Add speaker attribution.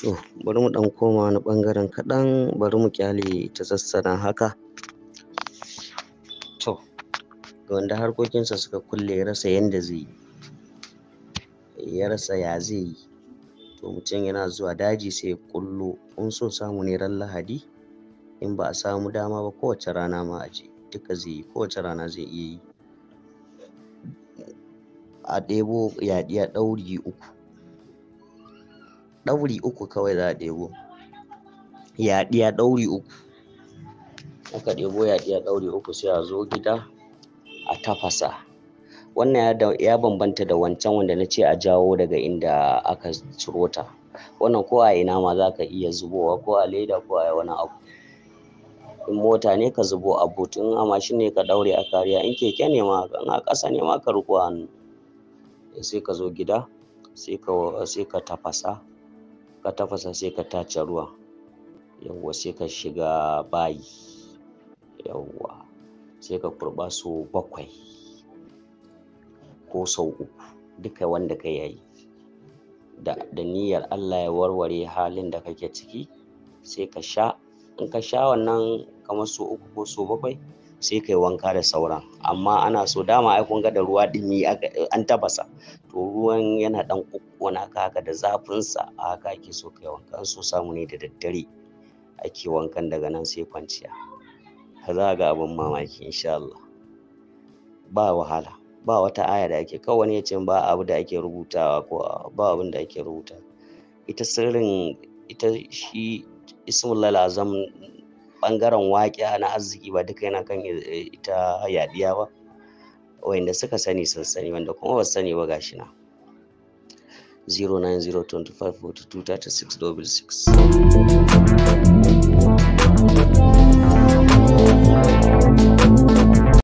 Speaker 1: to bari mu ɗan koma wani ɓangaren kaɗan bari mu ƙyale ta sassana haka to ga wanda harkokinsa suka kulle ya rasa yanda zai yi ya rasa ya zai yi to mutum yana zuwa daji sai ya kullo in so samu ne ran lahadi in ba'a samu dama ba kowace rana ma a duka zai yi kowace rana zai iya yi a ɗebo yaɗiya ɗauri uku ɗauri uku kawai za a ɗebo yaɗiya ɗauri uku aka ɗebo yaɗiya ɗauri uku sai a zo gida a tafasa wannan ya bambanta da wancan wanda na ce a jawo daga inda aka ciro ta wannan ko a ina ma za ka iya zubowa ko a leda ko a wani abu in mota ne ka zubo a but in a mashin ne ka ɗaure a kariya in keke ne ma in a ƙasa ne ma ka riƙo hannu sai ka zo gida sai ka tafasa ka tafasa sai ka tace ruwa yawwa sai ka shiga bayi yawwa sai ka kurɓa so bakwai ko sau uku duka wanda ka yayi da, da niyyar Allah ya warware halin da kake ciki sai ka sha in ka sha wannan kamar so uku ko so bakwai sai kai wanka da sauran amma ana so dama ai kun ga da ruwa dumi an tabasa to ruwan yana dan kukkuna ka haka da zafin sa haka ake so kai An so samu ne da daddare ake wankan daga nan sai kwanciya ka za ga abin mamaki insha Allah ba wahala ba wata aya da ake kawai wani ya ce ba abu da ake rubutawa ko ba abin da ake rubuta ita sirrin ita shi ismul azam ɓangaren waƙe na arziki ba duka yana kan eh, ita yaɗiya ba wanda suka sani sun sani wanda kuma ba sani ba gashi na 09025423666